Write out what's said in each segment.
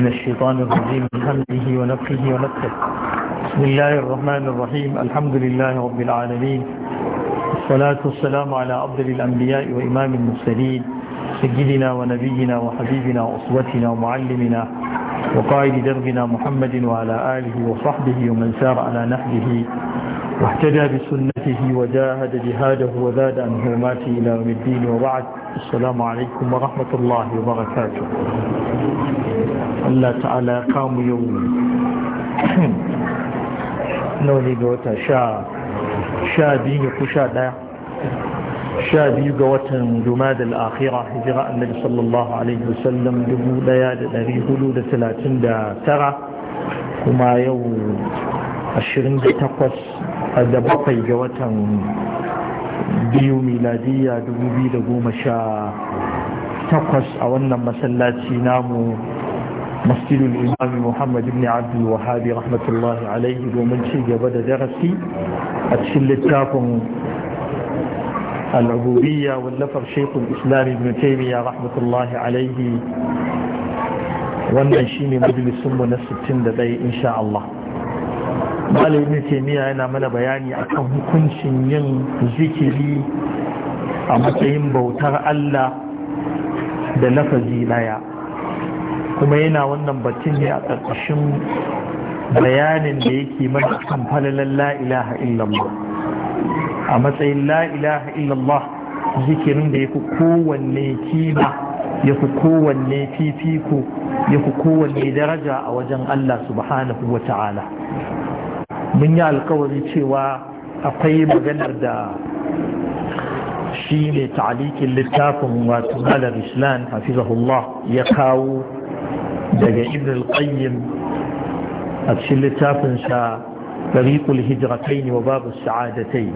من الشيطان الرجيم من همزه ونفخه ونفخه بسم الله الرحمن الرحيم الحمد لله رب العالمين الصلاة والسلام على أفضل الأنبياء وإمام المرسلين سيدنا ونبينا وحبيبنا وأسوتنا ومعلمنا وقائد دربنا محمد وعلى آله وصحبه ومن سار على نهجه واهتدى بسنته وجاهد جهاده وزاد عن مات إلى يوم الدين وبعد السلام عليكم ورحمة الله وبركاته الله تعالى قام يوم نولي قوتا شا شا دين قشا دا شا دين قوتا جماد الآخرة هجراء النبي صلى الله عليه وسلم دبو لياد نبي هلود ثلاثين دا ترى كما يوم الشرين تقص da bakwai ga watan biyu goma sha takwas a wannan masallaci namu masjidul imami muhammad ibn abdul wahabi rahmatullahi alaihi domin ci gaba da darasi a cikin littafin al'ubiyya wallafar shekul islam ibn taymiya rahmatullahi alaihi wannan shine majalisunmu na sittin da 61 insha Allah. malamin taimiyya yana mana bayani akan hukuncin yin zikiri a matsayin bautar Allah da lafazi daya kuma yana wannan batun ne a ƙarƙashin bayanin da yake mana kan falalar la illallah a matsayin la illallah zikirin da ya fi kowanne kima ya fi kowanne fifiko ya fi kowanne daraja a wajen Allah subhanahu wa ta'ala mun yi alkawari cewa akwai maganar da shi ne ta'alikin littafin wato malar islam hafizahullah ya kawo daga ibn qayyim a cikin littafin littafinsa tariqul hijratain wa babu sa'adatai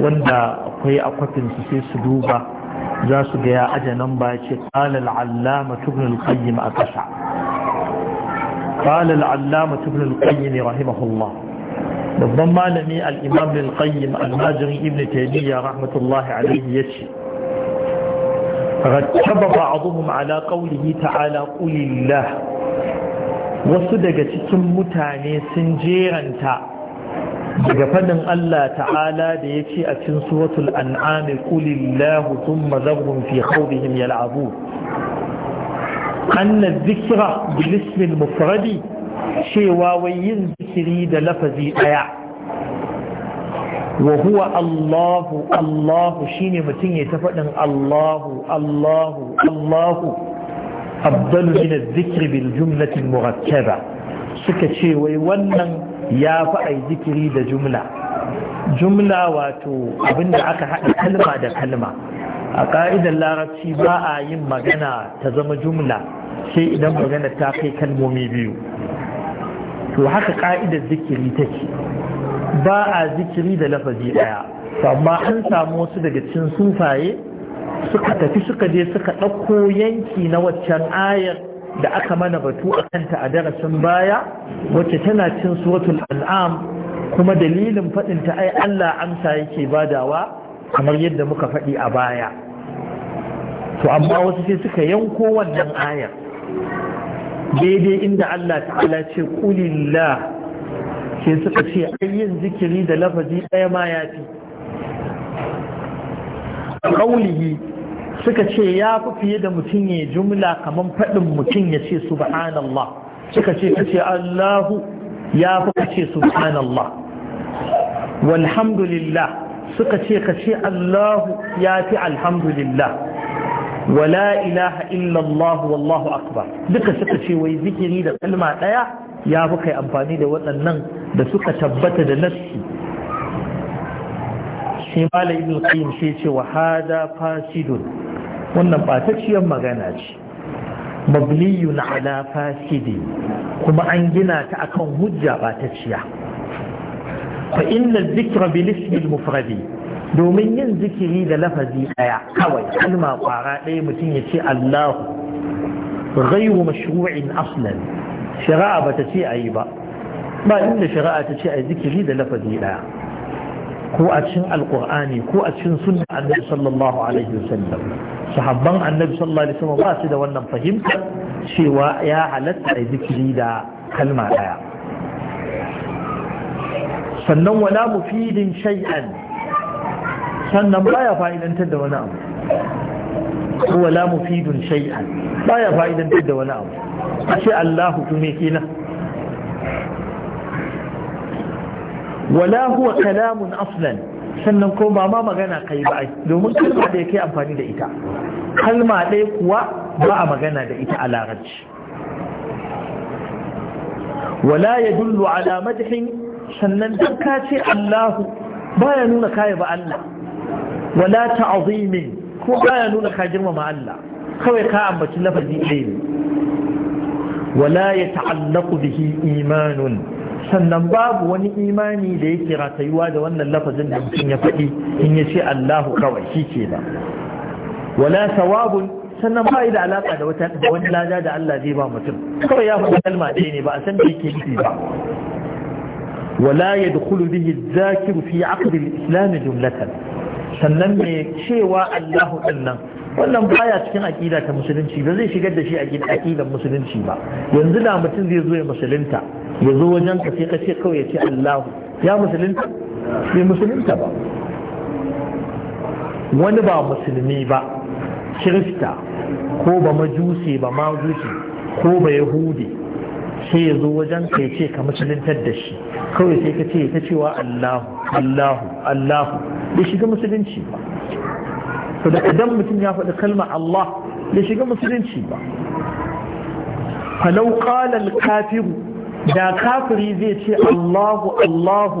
wanda akwai akwatin su sai su duba za su ga ya aje nan ba ce qala allama ibn al-qayyim a kasa قال العلامة ابن القيم رحمه الله babban malami al'imam al-qayyim al-majirin ibn taimiyya rahmatullahi alaihi ya ce rattaba ba'aduhum ala qawlihi ta'ala qulillah wasu daga cikin mutane sun jeranta daga fadin Allah ta'ala da ya ce a cikin suratul an'am tun thumma zarhum fi khawdihim yal'abun anna zikira bil mufradi cewa wai yin zikiri da lafazi daya wa huwa Allahu Allahu shine mutum ya ta faɗin Allahu Allahu Allahu afdalu min zikiri bil jumlatin murakkaba suka ce wai wannan ya fi zikiri da jumla jumla wato abinda aka haɗa kalma da kalma a ƙa'idar larabci ba a yin magana ta zama jumla sai idan magana ta kai kalmomi biyu to haka ƙa'idar zikiri take ba a zikiri da lafazi ɗaya amma an samu wasu daga cin sunfaye suka tafi suka je suka ɗauko yanki na waccan ayar da aka mana batu a kanta a darasin baya wacce tana cin suratul Al'am, kuma dalilin faɗinta ai Allah amsa yake badawa kamar yadda muka faɗi a baya to amma wasu sai suka yanko wannan ayar daidai inda Allah ta'ala ce kulillah sai suka ce ayyin zikiri da lafazi ɗaya ma ya fi ƙaulihi suka ce ya fi fiye da mutum ya jumla kamar faɗin mutum ya ce subhanallah suka ce ka ce Allahu ya fi ka ce subhanallah walhamdulillah suka ce ka ce Allahu ya fi alhamdulillah wala ilaha illallah wallahu akbar duka suka ce wai zikiri da kalma daya ya fi kai amfani da waɗannan da suka tabbata da nassi shi malam ibn qayyim ce wa hada fasidun wannan batacciyar magana ce mabliyun ala fasidi kuma an gina ta akan hujja batacciya fa inna dhikra bil ismi al mufradi domin yin zikiri da lafazi ɗaya kawai kalma ƙwara ɗaya mutum ya ce Allahu ghairu mashru'in aslan shari'a bata ce ayi ba ba inda shari'a ta ce ayi zikiri da lafazi ɗaya ko a cikin alqur'ani ko a cikin sunna annabi sallallahu alaihi wasallam sahabban annabi sallallahu alaihi wasallam ba su da wannan fahimta cewa ya halatta a zikiri da kalma ɗaya sannan wala mufidin shay'an sannan baya fa'idantar da wani abu huwa la mufidun shay'an baya fa'idantar da wani abu ashe Allahu kuma kenan wala huwa kalamun aslan sannan ko ba ma magana kai ba ai domin kalma da yake amfani da ita kalma ɗaya kuwa ba a magana da ita a larabci wala yadullu ala madhin sannan dan ka ce Allahu baya nuna kai ba Allah wala ta'zimin ko baya nuna ka girmama Allah kawai ka ambaci lafazi ɗaya ne wala ya ta'allaku bihi imanun sannan babu wani imani da yake ratayuwa da wannan lafazin da mutum ya faɗi in ya ce Allahu kawai shi ke ba wala sawabun sannan ba da alaƙa da wata wani lada da Allah zai ba mutum kawai ya faɗi kalma ɗaya ne ba a san da yake nufi ba wala yadkhulu bihi adh-dhakiru fi 'aqd al jumlatan sannan mai cewa Allahu din nan wannan baya cikin aƙida ta musulunci ba zai shigar da shi aƙidan musulunci ba yanzu da mutum zai zo ya musulunta ya zo wajen ka sai ka kawai ya ce Allahu ya musulunta bai musulunta ba wani ba musulmi ba kirista ko ba majusi ba majusi ko ba yahudi sai ya zo wajen ka ya ce ka musuluntar da shi kawai sai ka ce ta cewa Allahu Allahu Allahu ya shiga musulunci ba to da idan mutum ya faɗi kalma Allah ya shiga musulunci ba falau qala al-kafiru da kafiri zai ce Allahu Allahu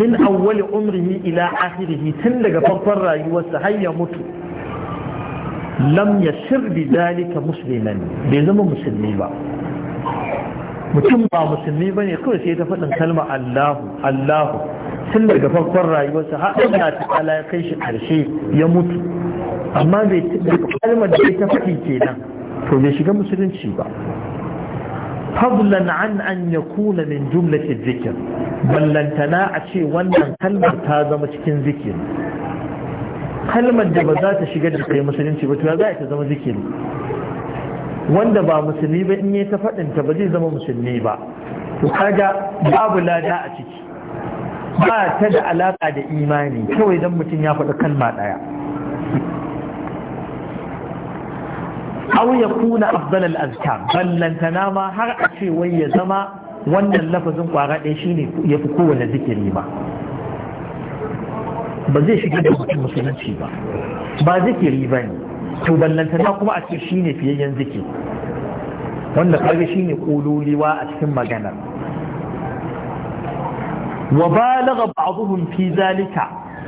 min awwali umrihi ila akhirihi tun daga farkon rayuwarsa har ya mutu lam yashir bi dalika musliman bai zama musulmi ba mutum ba musulmi ba ne kawai sai ta faɗin kalma Allahu Allahu sun daga farkon rayuwarsa haɗin Allah ta ala ya kai shi ƙarshe ya mutu amma bai kalmar da tafi faɗi kenan to bai shiga musulunci ba fadlan an an kuna min jumlatil zikr ballantana a ce wannan kalmar ta zama cikin zikir kalmar da ba za ta shiga da kai musulunci ba to ya za ta zama zikiri wanda ba musulmi ba in yi ta faɗinta ba zai zama musulmi ba to kaga babu lada a ciki ba ta da alaƙa da imani kawai don mutum ya faɗi kalma ɗaya aw ya kuna afdal al-azkar ballantana ma har a ce wai ya zama wannan lafazin kwara ɗaya shine ya fi kowane zikiri ba ba zai shiga da mutum musulunci ba ba zikiri ba ne to ballantana kuma a ce shi ne fiyayyen ziki wanda ƙarfi shi ne ƙololiwa a cikin maganar wa balagha ba'dhum fi zalika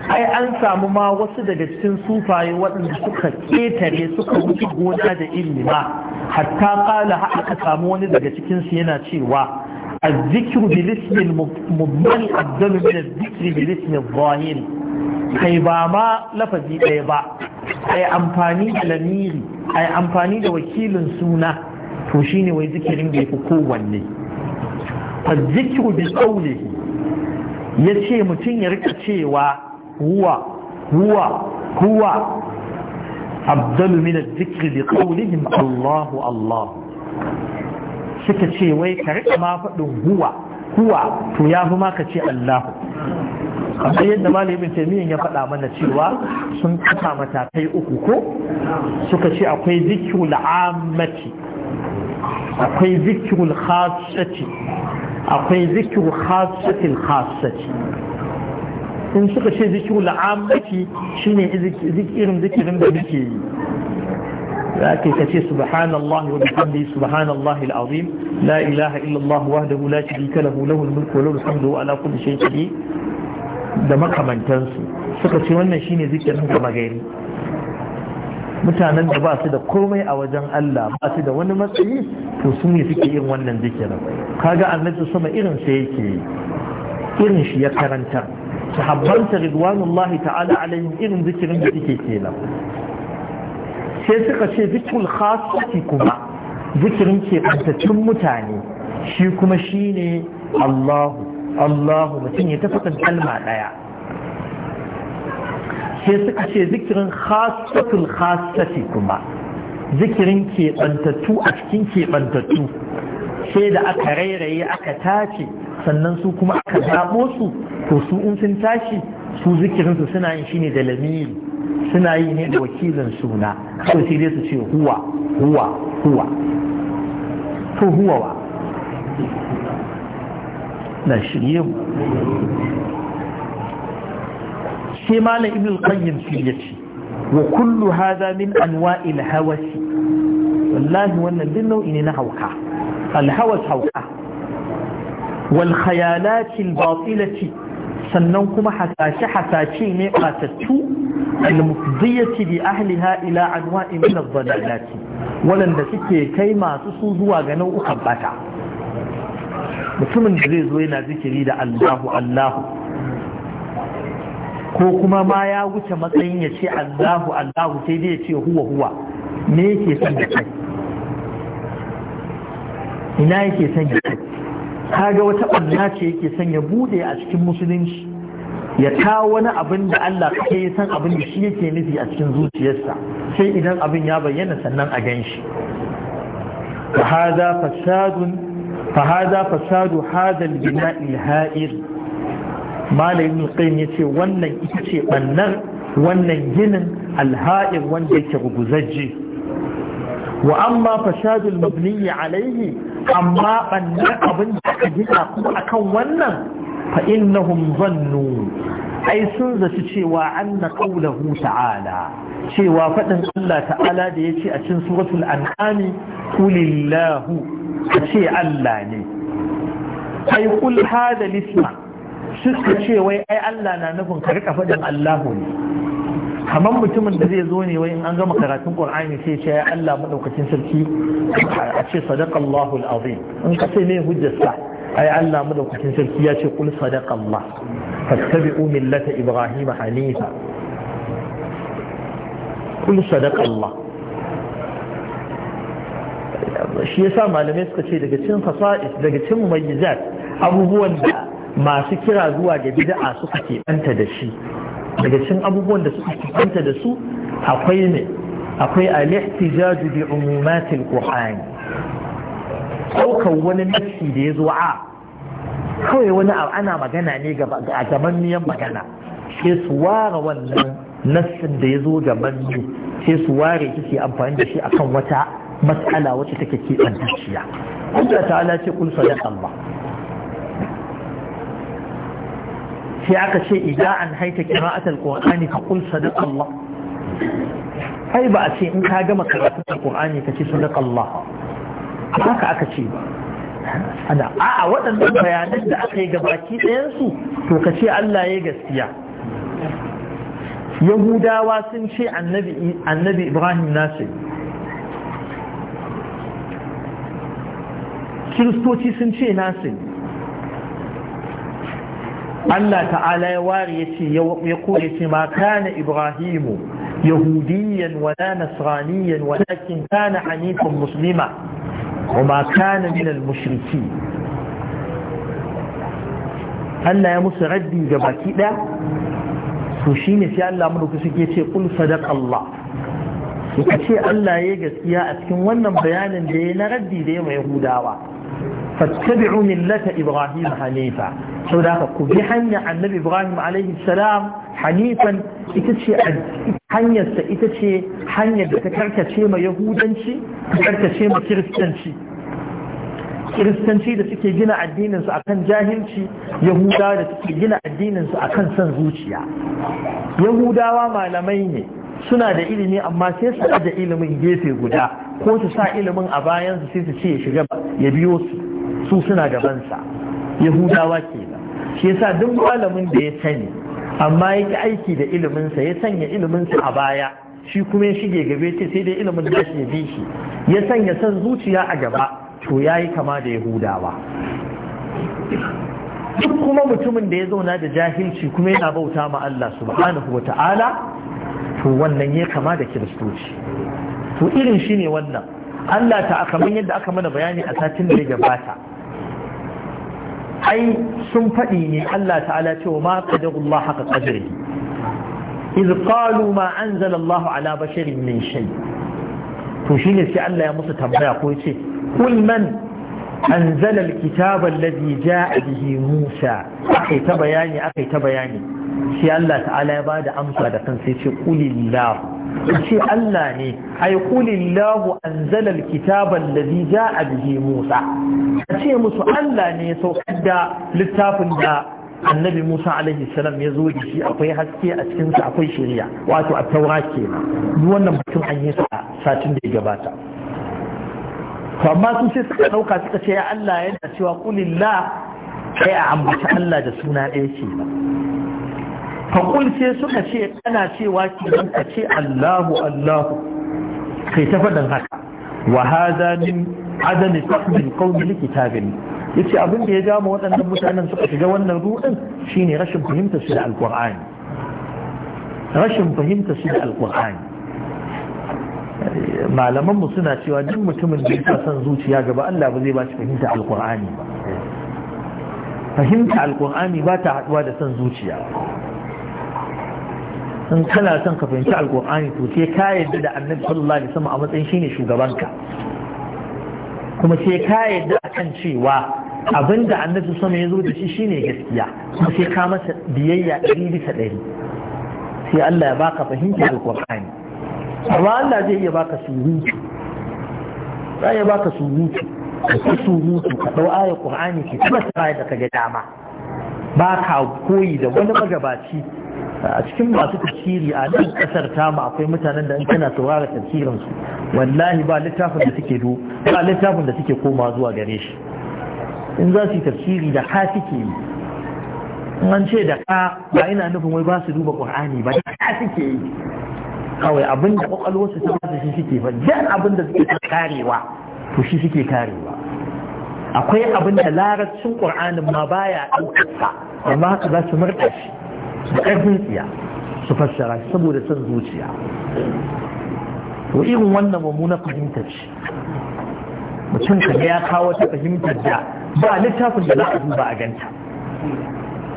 ai an samu ma wasu daga cikin sufaye waɗanda suka ƙetare suka wuce gona da ilimi ma hatta kala haka samu wani daga cikinsu yana cewa الذكر بالاسم المضمن أفضل من الذكر بالاسم الظاهر kai ba ma lafazi ɗaya ba ai amfani da lamiri da wakilin suna to shine wai zikirin da yafi kowanne fazikiru bi qawlihi yace mutum ya rika cewa huwa huwa huwa afdalu Allahu Allahu suka ce wai ka rika ma faɗin huwa huwa to ya fi maka ce Allahu kamar yadda malamin taimiyyar ya faɗa mana cewa sun kafa matakai uku ko suka ce akwai zikirul ammati akwai zikirul khasati akwai zikirul khasatil khasati in suka ce zikirul ammati shine irin zikirin da muke yi ذاتي كتي سبحان الله وبحمده سبحان الله العظيم لا إله إلا الله وحده لا شريك له له الملك وله الحمد على كل شيء قدير da makamantansu suka ce wannan shine zikirin gama gari mutanen da ba su da komai a wajen Allah ba su da wani matsayi to su ne suke yin wannan zikirin kaga annabi sama irin sa yake irin shi ya karanta sahabbansa ridwanullahi ta'ala alaihim irin zikirin da suke kenan sai suka ce zikirul khasati kuma zikirin ke mutane shi kuma shine Allahu Allahu mutum ya tafi kan kalma daya sai suka ce zikirin khasatul khasati kuma zikirin ke a cikin ke bantattu sai da aka rairaye aka tace sannan su kuma aka zaɓo su to su in sun tashi su zikirinsu suna yin shine da lamiri suna yi ne da wakilin suna to sai dai su ce huwa huwa huwa to huwa wa na shirye mu sai malam ibn al-qayyim shi yace wa kullu hadha min anwa'i al-hawas wallahi wannan din nau'i ne na hauka al-hawas hauka wal khayalat al-batilati sannan kuma hasashe hasashe ne batattu al-mufdiyati bi ahliha ila anwa'in min ad-dalalati walanda suke kai masu su zuwa ga nau'ukan bata mutumin da zai zo yana zikiri da Allahu Allahu ko kuma ma ya wuce matsayin ya ce Allahu Allahu sai dai ya ce huwa huwa me yake son ya kai ina yake son ya kai kaga wata barna ce yake son ya bude a cikin musulunci ya kawo wani abin da Allah kake yi san abin da shi yake nufi a cikin zuciyarsa sai idan abin ya bayyana sannan a gan shi fahaza fasadu hadal فساد هذا البناء الهائل ما ce wannan ita ce bannar wannan ginin alha'ir wanda yake ruguzajje wa amma fasadul almabni alayhi amma bannan abin da aka gina kuma akan wannan fa innahum zannu ai sun zaci cewa anna qawluhu ta'ala cewa fadin Allah ta'ala da yace a cikin suratul an'am kulillahu ce Allah ne ai kul hada lisma Su ce wai ai Allah na nufin ka rika fadin Allahu ne kamar mutumin da zai zo ne wai in an gama karatun qur'ani sai ce ya Allah madaukakin sarki a ce sadaqallahu alazim in ka sai ne hujjarsa ai Allah madaukakin sarki ya ce kul sadaqallah fattabi'u millata ibrahim hanifa sadaka sadaqallah shi yasa malamai suka ce daga cikin fasa'is daga cikin mumayyizat abubuwan da masu kira zuwa ga bid'a suka ke ɗanta da shi daga cikin abubuwan da suka kanta da su akwai ne akwai al-ihtijaj bi umumat al-qur'an daukar wani nafsi da ya zo a kawai wani ana magana ne a gamanniyan magana sai su ware wannan nassin da ya zo gamanni sai su ware shi amfani da shi akan wata mas'ala wacce take keɓantacciya Allah ta'ala ce kun sadaqa Allah sai aka ce ida an haita kira'at alqur'ani ka qul sadaqa Allah ai ba a ce in ka gama karatun alqur'ani ka ce sadaqa Allah haka aka ce ba ana a'a waɗannan bayanan da aka yi gabaki su to ka ce Allah ya gaskiya yahudawa sun ce annabi ibrahim nasir kiristoci sun ce nasir Allah ta'ala ya ware ya ce ya kore ce ma kana Ibrahimu yahudiyan wala nasraniyan walakin kana hanifan muslima kuma kana min al-mushriki Allah ya musu raddi ga baki ɗaya to shine sai Allah mu suke ce kul sadaq Allah suka ce Allah ya gaskiya a cikin wannan bayanin da ya na raddi da ya mai Yahudawa fattabi'u millata ibrahim hanifa sau da haka ku bi hanya annabi ibrahim alaihi salam hanifan ita ce hanyarsa ita ce da ta karkace ma yahudanci ta karkace ma kiristanci kiristanci da suke gina addininsu a jahilci yahudawa da suke gina addininsu akan kan son zuciya yahudawa malamai ne suna da ilimi amma sai su da ilimin gefe guda ko su sa ilimin a bayansu sai su ce shiga ya biyo su su suna gabansa yahudawa ke shi yasa duk malamin da ya sani amma ya ki aiki da iliminsa ya sanya iliminsa a baya shi kuma ya shige gabe ce sai dai ilimin da shi ya bi shi ya sanya san zuciya a gaba to ya yi kama da yahudawa duk kuma mutumin da ya zauna da jahilci kuma yana bauta ma Allah subhanahu wa ta'ala to wannan ya kama da kiristoci to irin shine wannan Allah ta kamar yadda aka mana bayani a satin da ya gabata ai sun faɗi ne Allah ta'ala cewa ma qadarullah haka qadri iz qalu ma anzala Allah ala basharin min shay to shine sai Allah ya musu tambaya ko yace kul man anzala alkitaba alladhi jaa bihi Musa akai ta bayani akai ta bayani sai Allah ta'ala ya bada amsa da kansa ya ce kulillahu ce Allah ne ai kulillahu anzala alkitaba allazi ja'a bihi Musa ce musu Allah ne ya saukar da littafin da annabi Musa alaihi salam ya zo da shi akwai haske a cikin sa akwai shari'a wato a taura kenan duk wannan mutum an yi sa satin da ya gabata to amma sun sai suka dauka suka ce ya Allah yana cewa kulillah kai a ambaci Allah da suna ɗaya ba. faƙul sai suka ce ana cewa ke nan ka ce Allahu Allahu kai ta faɗin haka wa hada min adami fahmin qawli Ya ce abin da ya ja mu waɗannan mutanen suka shiga wannan ruɗin shine rashin fahimta su da Alƙur'ani. rashin fahimta su da Alƙur'ani. malaman mu suna cewa duk mutumin da ya san zuciya gaba Allah ba zai ba shi fahimta Alƙur'ani ba fahimta Alƙur'ani ba ta haɗuwa da san zuciya in kana son ka fahimci alkur'ani to sai ka yadda da annabi sallallahu alaihi wasallam a matsayin shine shugabanka kuma sai ka yadda akan cewa abinda annabi sama ya zo da shi shine gaskiya kuma sai ka masa biyayya ɗari bisa ɗari sai Allah ya baka fahimci alkur'ani amma Allah zai iya baka surutu zai iya baka surutu ka ci surutu ka ɗau ayar qur'ani ki tabbata da ka ga dama ba ka koyi da wani magabaci a cikin masu tafsiri a nan kasar tamu akwai mutanen da in kana saurara tafsirin su wallahi ba littafin da suke do ba littafin da suke koma zuwa gare shi in za su yi tafsiri da ka suke yi an ce da ka ba ina nufin wai ba su duba qur'ani ba da ka suke yi kawai abin da kwakwalwar su ta shi suke ba jan abin da suke karewa to shi suke karewa akwai abin da larabcin qur'anin ma baya ɗaukarsa amma haka za su murɗa shi da ƙarfin tsiya su fassara saboda son zuciya to irin wannan mummunar fahimta ce mutum ka ya kawo ta fahimtar da ba littafin da za a duba a ganta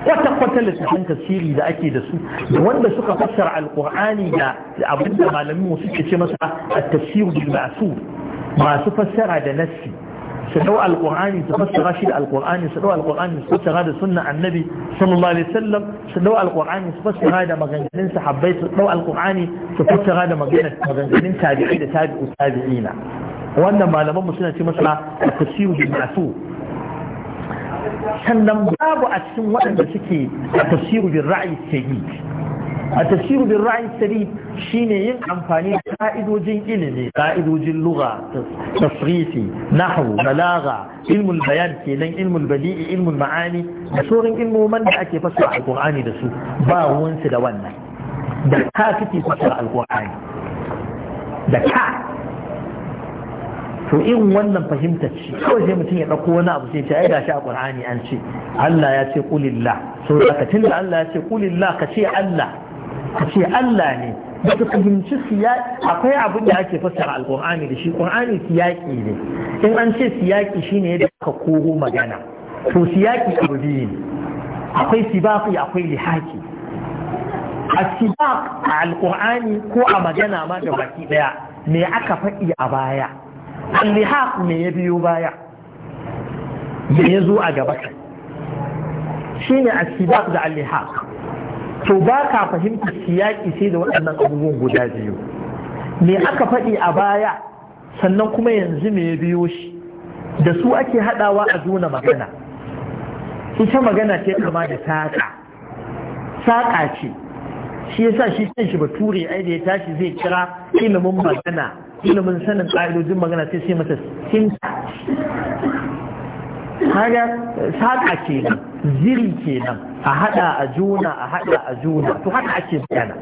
kwata-kwata littafin tasiri da ake da su da wanda suka fassara alkur'ani da abinda da malamin suke ce masa a tasiru masu masu fassara da nassi su dau alqur'ani su fassara shi da alqur'ani su dau alqur'ani su fassara da annabi sallallahu alaihi wasallam su dau alqur'ani su fassara da maganganun sahabbai su dau alqur'ani su fassara maganganun tabi'i da tabi'u tabi'ina wannan malaman mu suna ce masa ma'su sannan babu a cikin waɗanda suke tafsiru bil ra'yi sayyid a tafsiru bin ra'ayin sari shine yin amfani da ka'idojin ilimi ka'idojin lugha tasrifi nahu, balagha ilmul bayan kenan ilmul bali'i, ilmul ma'ani da sauran ilmoman da ake fasara alqur'ani da su ba ruwansu da wannan da ka kake fasara alqur'ani da ka to irin wannan fahimtar shi. kawai sai mutum ya ɗauko wani abu sai ce ai gashi a Qur'ani an ce Allah ya ce kulillah so da tunda Allah ya ce kulillah ka ce Allah ka ce Allah ne da ka fahimci siyaki akwai abin da ake fassara alkur'ani da shi Ƙur'ani siyaki ne in an ce siyaki shine da ka koro magana to siyaki abu biyu ne akwai sibaqi akwai lihaki a sibaq a alkur'ani ko a magana ma da baki daya me aka faɗi a baya lihaq me ya biyo baya me ya zo a gaba shine a sibaq da al-lihaq to ba ka fahimta siyaki sai da waɗannan abubuwan guda biyu me aka faɗi a baya sannan kuma yanzu me ya biyo shi da su ake haɗawa a zuna magana ita magana ce kama da saƙa saƙa ce shi yasa shi can shi bature ai da ya tashi zai kira ilimin magana ilimin sanin ƙa'idojin magana sai sai masa sinta kaga saƙa kenan ziri kenan a hada a juna a hada a juna to haka ake bayana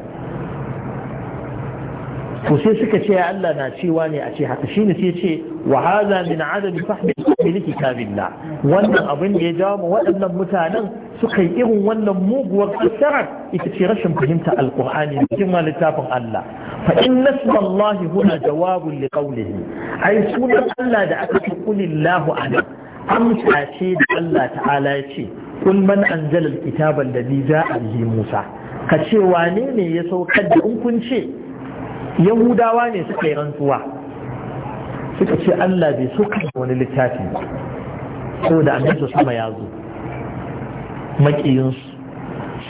to sai suka ce Allah na cewa ne a ce haka shine sai ce wa hadha min adam fahmi li kitabillah wannan abin da ya jawo ma waɗannan mutanen suka yi irin wannan muguwar kasarar ita ce rashin fahimta alqur'ani da littafin Allah fa in nasballahi huna jawabun liqawlihi ai sunan Allah da aka ce kulillahu anan amsa ce da Allah ta'ala ya ce kun man da alkitaba za a bihi Musa ka ce wane ne ya saukar da in kun ce Yahudawa ne suka yi rantsuwa suka ce Allah bai saukar da wani littafi ko da annabi sama ya zo makiyinsu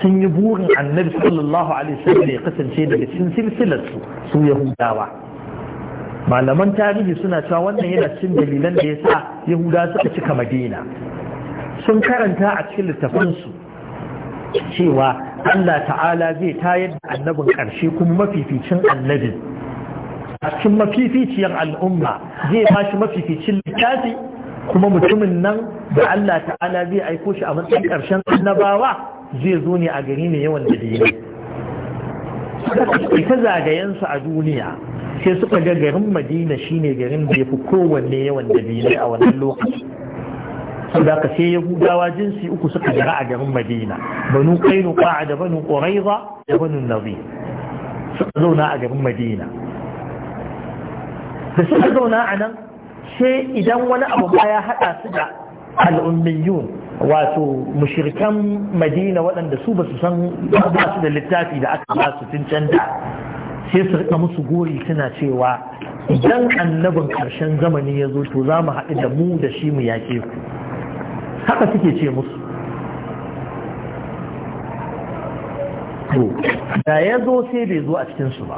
sun yi burin annabi sallallahu alaihi wasallam ya kasance daga cikin silsilar su su Yahudawa malaman tarihi suna cewa wannan yana cikin dalilan da ya sa yahuda suka cika madina sun karanta a cikin littafinsu cewa allah ta'ala zai tayar da annabin ƙarshe kuma mafificin annabi a cikin mafificiyar al'umma zai ba mafificin littafi kuma mutumin nan da allah ta'ala zai aiko shi a matsayin ƙarshen annabawa zai zo ne a gari ne yawan dalilai ita zagayensu a duniya sai suka ga garin madina shine garin da ya fi kowanne yawan dalilai a wannan lokaci da ka sai yahudawa jinsi uku suka jira a garin madina banu qainuqa da banu quraiza da banu nazi suka zauna a garin madina da suka zauna a nan sai idan wani abu ba ya haɗa su da al'ummiyun wato mushirikan madina waɗanda su ba su san ba su da littafi da aka ba su tun can da sai su rika musu gori suna cewa idan annabin karshen zamani ya zo to za mu haɗu da mu da shi mu yaƙe ku haka suke ce musu da ya zo sai bai zo a cikinsu ba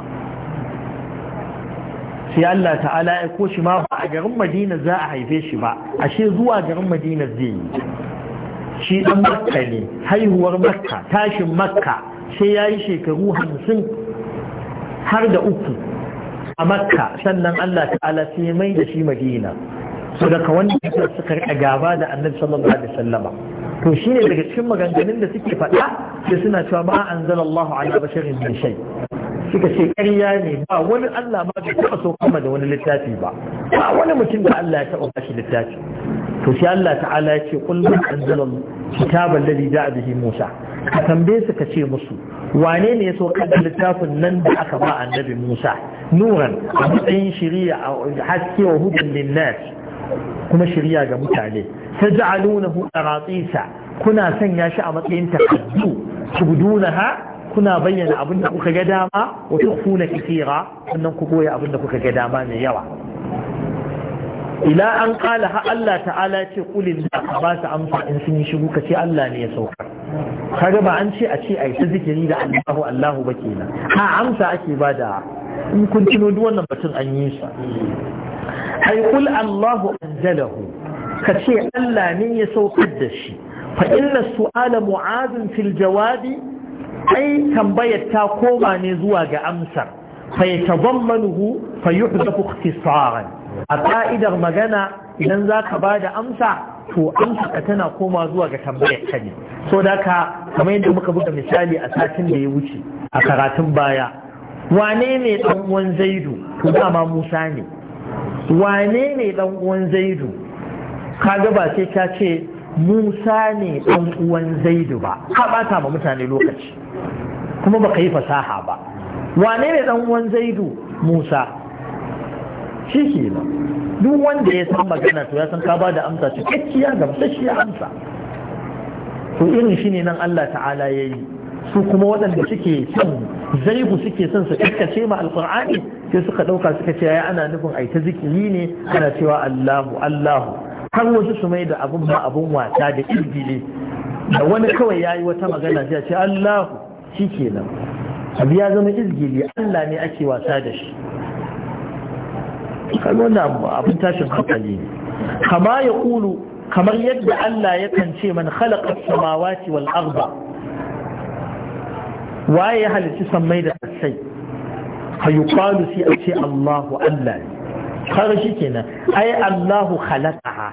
sai Allah ta'ala ya ko shi ma ba a garin madina za a haife shi ba ashe zuwa garin madina zai yi shi dan makka ne haihuwar makka tashin makka sai ya yi shekaru hamsin har da uku a makka sannan Allah ta'ala sai mai da shi madina su daga wanda suka riƙa gaba da annabi sallallahu alaihi wasallama to shi ne daga cikin maganganun da suke faɗa da suna cewa ma an ala basharin min shay suka ce ƙarya ne ba wani Allah ma bai taɓa so kama da wani littafi ba ba wani mutum da Allah ya taɓa bashi littafi to sai Allah ta'ala ya ce qul man anzala kitaban ladhi ja'a bihi Musa ka tambaye su ka ce musu wane ne ya so da littafin nan da aka ba annabi Musa nuran a matsayin shiriya a haske wa hudun Linnat. kuma shiriya ga mutane ta ja'alunahu qaratisa kuna sanya shi a matsayin takaddu ha, kuna bayyana abin da kuka ga dama wa tukhuna kaseera sannan ku koya abin da kuka ga dama mai yawa ila an kala ha Allah ta'ala ce kulin da ba su amsa in sun yi shiru ka ce Allah ne ya sauka kaga ba an ce a ce ai ta zikiri da Allahu Allahu ba nan. ha amsa ake ba da in kun tuno duk wannan batun an yi sa ai kul Allahu anzalahu ka ce Allah ne ya saukar da shi fa inna su'ala mu'azin fil jawabi ai tambayar ta koma ne zuwa ga amsar fa yatadammanuhu fa yuhdathu ikhtisaran a ƙa'idar magana idan za ka ba da amsa to amsa ka tana koma zuwa ga tambayar ka ne so da ka kamar yadda muka buga misali a satin da ya wuce a karatun baya wane ne dan uwan zaidu to dama musa ne wane ne dan uwan zaidu kaga ba sai ka ce musa ne dan uwan zaidu ba ka bata ma mutane lokaci kuma baka yi fasaha ba wane ne dan uwan zaidu musa shi ke duk wanda ya san magana to ya san ka ba da amsa cikakkiya gamsasshiya amsa to irin shi ne nan Allah ta'ala ya yi su kuma waɗanda suke son zaibu suke son su kakkace ma alƙur'ani sai suka ɗauka suka ce ya ana nufin aita ta zikiri ne ana cewa Allahu Allahu har wasu su mai da abun ma abun wata da izgile da wani kawai ya yi wata magana sai ce Allahu nan abu ya zama izgili Allah ne ake wasa da shi kaga abin tashin hankali ne kama ya kulu kamar yadda Allah yakan ce man khalaqa samawati wal arba. waye ya halitta sammai da sai fa sai a ce Allahu Allah kaga shikenan ai Allahu khalaqaha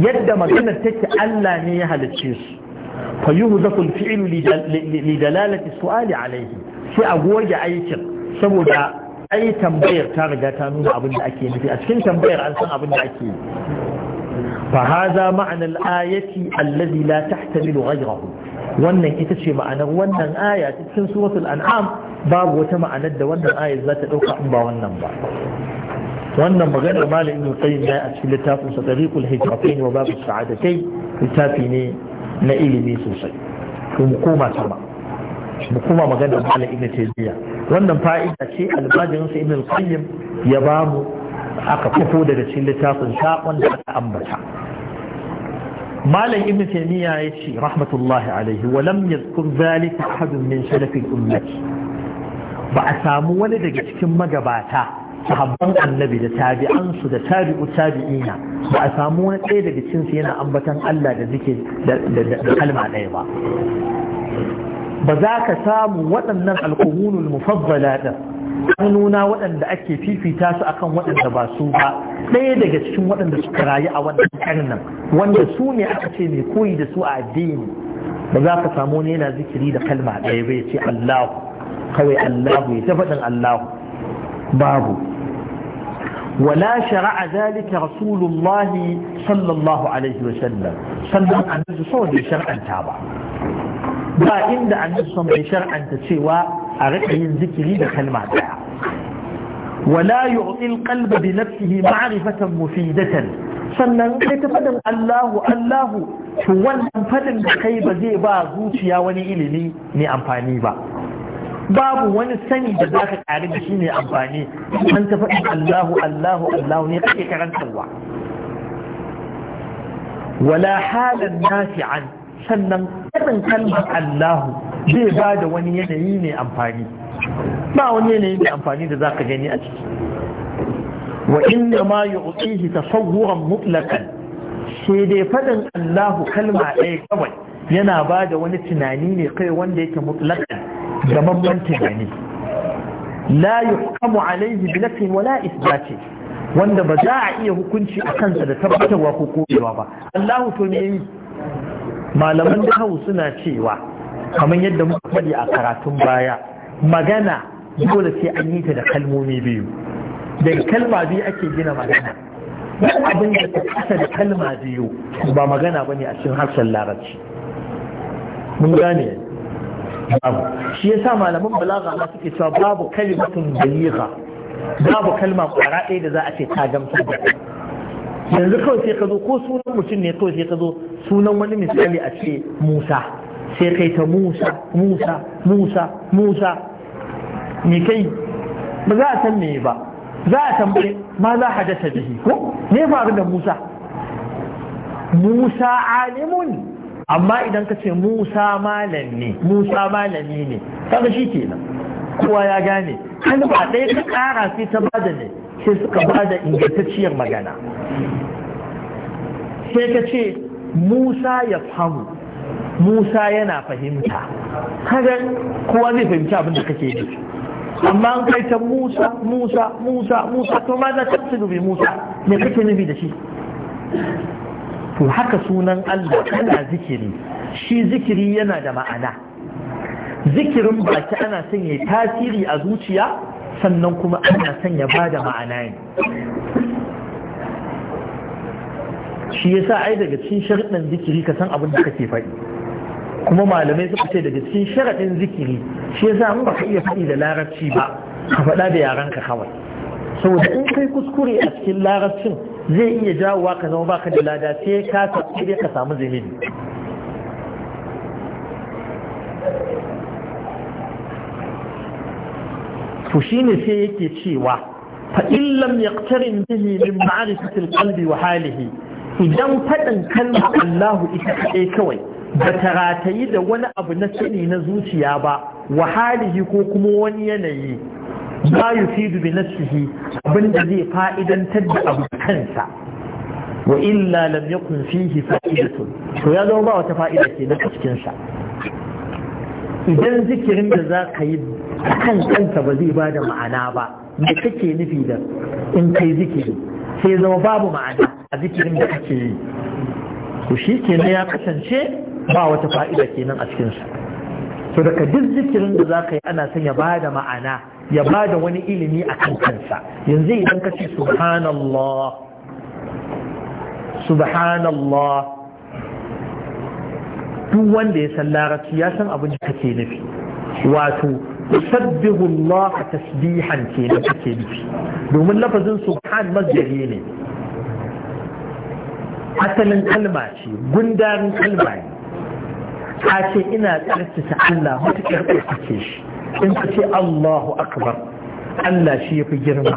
yadda maganar take Allah ne ya halicce su fa da al-fi'lu su'ali alaihi sai a goge aikin saboda ai tambayar ta riga ta nuna abin da ake nufi a cikin tambayar an san abin da ake yi fa haza ma'anar ayati allazi la tahtamilu ghayrahu wannan ita ce ma'anar wannan aya cikin suratul an'am babu wata ma'anar da wannan aya za ta dauka in ba wannan ba wannan maganar malam ibn qayyim ya a cikin littafin sa tariqul hijratain wa babu sa'adatai littafi ne na ilimi sosai kuma koma sama mu kuma magana mala ibn taymiya wannan fa'ida ce almajirin sa ibn qayyim ya ba mu aka fito daga cikin littafin sa wanda aka ambata malam ibn taymiya ce rahmatullahi alaihi wa lam yadhkur dhalika ahadun min salaf al-ummah ba a samu wani daga cikin magabata sahabban annabi da tabi'ansu da tabi'u tabi'ina ba a samu wani ɗaya daga cikinsu yana ambatan Allah da zike da kalma ɗaya ba ba za ka samu waɗannan alkuhunul mufabbala ɗin hannuna waɗanda ake fifita su akan waɗanda ba su ba ɗaya daga cikin waɗanda suka rayu a wannan karnin wanda su ne aka ce mai koyi da su a addini ba za ka samu ne yana zikiri da kalma ɗaya bai ce Allahu kawai Allahu ya ta faɗin Allahu babu ولا شرع ذلك رسول الله صلى الله عليه وسلم صلى الله عليه وسلم شرعا تابعا ba inda yi son mai shar'anta cewa a rika yin zikiri da kalma daya wala yu'ti qalba bi nafsihi ma'rifatan mufidatan sannan kai ta fadin Allahu Allahu to wannan fadin da kai ba zai ba zuciya wani ilimi mai amfani ba babu wani sani da za ka ƙari da shi ne amfani an ta faɗin Allahu Allahu Allahu ne kake karantarwa wala halan nafi'an sannan kaɗin kalmar Allahu zai ba da wani yanayi mai amfani ba wani yanayi mai amfani da za ka gani a ciki wa inda ma yi uƙihi mutlakan sai dai faɗin Allahu kalma ɗaya kawai yana ba da wani tunani ne kai wanda yake mutlakan da mamman tunani la yuhkamu alaihi bi wala isbati wanda ba za a iya hukunci a kansa da tabbatarwa ko korewa ba Allahu to ne yi malaman hau suna cewa kamar yadda muka faɗi a karatun baya magana dole sai an yi ta da kalmomi biyu da kalma biyu ake gina magana duk abin da ta kasa da kalma biyu ba magana ba ne a cikin harshen larabci mun gane shi yasa malaman balaga ma suke cewa babu kalmatin baliga babu kalma kwara ɗaya da za a ce ta gamsar da yanzu kawai sai ka zo ko sunan mutum ne kawai sai ka zo sunan wani misali a ce musa sai kai ta musa musa musa musa ni kai ba za a san me ba za a tambaye ma za da bihi ko ne faru da musa musa alimun amma idan ka ce musa malam ne musa malami ne kaga shi kenan kowa ya gane ba ɗaya ka ƙara sai ta bada ne sai suka bada ingantacciyar magana sai ka ce musa ya famu musa yana fahimta kaga kowa zai fahimci abin da kake nufi amma an kai ta musa musa musa musa to ma za ta bi musa me kake nufi da shi to haka sunan allah ana zikiri shi zikiri yana da ma'ana zikirin baki ana son tasiri a zuciya sannan kuma ana sanya ya bada ma'ana ne shi ya sa ai daga cikin sharaɗin zikiri ka san abin da kake faɗi kuma malamai suka ce daga cikin sharaɗin zikiri shi ya sa yasa ba ka iya faɗi da larabci ba ka faɗa da yaran ka kawai saboda in kai kuskure a cikin larabcin zai iya jawowa ka zama baka da lada sai ka sai ka samu zunubi to shine sai yake cewa fa illam yaqtarin bihi min ma'rifati alqalbi wa halihi idan faɗin kalmar Allahu ita kaɗai kawai ba ta ratayi da wani abu na sani na zuciya ba wahalihi ko kuma wani yanayi ba yufidu bi abin abinda zai fa'idantar da abu kansa wa illa lam yakun fihi fa'idatun to ya zama ba wata fa'ida ke cikinsa. idan zikirin da za ka yi kan kansa ba zai ba da ma'ana ba me kake nufi da in kai zikiri sai zama babu ma'ana a zikirin da ake yi to shi kenan ya kasance ba wata fa'ida kenan a cikinsu. to daga duk zikirin da za ka yi ana son ya ba da ma'ana ya ba da wani ilimi a kan kansa yanzu idan ka ce subhanallah subhanallah duk wanda ya san larabci ya san abin da kake nufi wato yusabbihu Allah tasbihan ke da kake nufi domin lafazin subhan mazjari ne asalin kalma ce gundarin kalma ne ta ce ina tsarkita Allah matuƙar tsarkake shi in ka ce Allahu akbar Allah shi ya fi girma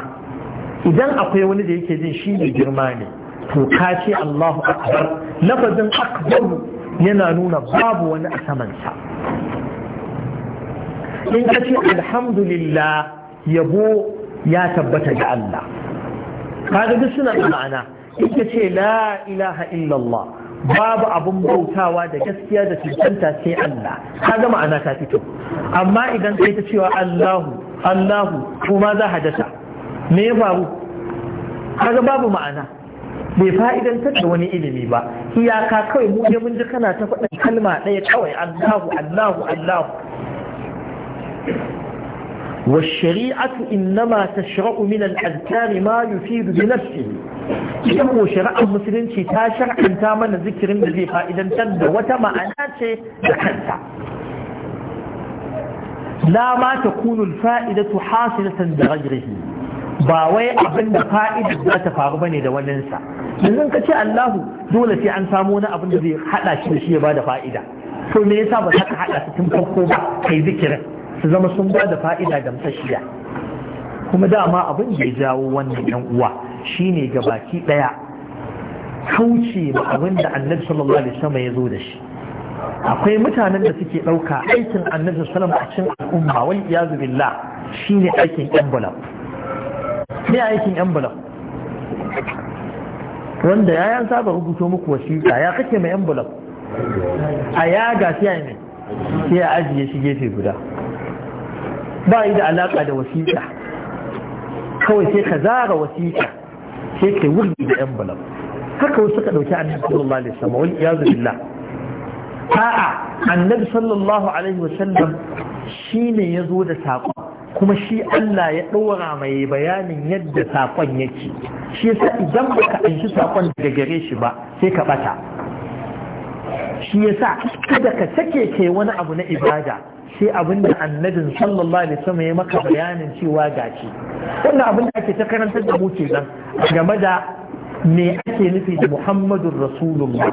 idan akwai wani da yake jin shi ne girma ne to ka ce Allahu akbar lafazin akbar yana nuna babu wani a samansa in ka ce alhamdulillah yabo ya tabbata ga Allah kaga duk suna ma'ana in ka ce la ilaha illallah babu abun bautawa da gaskiya da cancanta sai Allah kaga ma'ana ta fito amma idan kai ta cewa Allahu Allahu kuma za hadata me ya faru kaga babu ma'ana bai fa'idantar da wani ilimi ba iyaka kawai mu mun ji kana ta faɗin kalma ɗaya kawai Allahu Allahu Allahu والشريعة إنما تشرع من الأذكار ما يفيد بنفسه كم شرع المسلمين تاشر أن تامن ذكر الذي فائدا تند وتما أناته لحنت لا ما تكون الفائدة حاصلة بغيره باوي أبن فائدة لا تفاغبني دو ننسى لأنك تشاء الله دولة أن سامونا أبن ذي حتى شيء بعد فائدة فمن يسابق حتى حتى تنفقوا كي ذكره su zama sun ba da fa'ida gamsashiya kuma dama abin da ya jawo wannan yan uwa shine ga baki daya kauce ma abin da annabi sallallahu alaihi wasallam ya zo da shi akwai mutanen da suke ɗauka aikin annabi sallallahu alaihi a cikin al'umma wal iyazu billah shine aikin ne wanda ya yan saba rubuto muku wasiƙa ya kake mai envelope a ya ga sai ne sai ya ajiye shi gefe guda ba yi da alaƙa da wasiƙa kawai sai ka zara wasiƙa sai ka wurgi da envelope haka wasu ka ɗauki annabi sallallahu alaihi wasallam ya iyazu a'a annabi sallallahu alaihi wasallam shine ya zo da saƙon kuma shi Allah ya ɗora mai bayanin yadda saƙon yake shi yasa idan ba ka anshi saƙon daga gare shi ba sai ka ɓata shi yasa kada ka sake kai wani abu na ibada sai abinda annabin sallallahu alaihi wasallam ya maka bayanin cewa gashi wannan abin da ake ta karantar da mu kenan game da me ake nufi da muhammadun rasulullah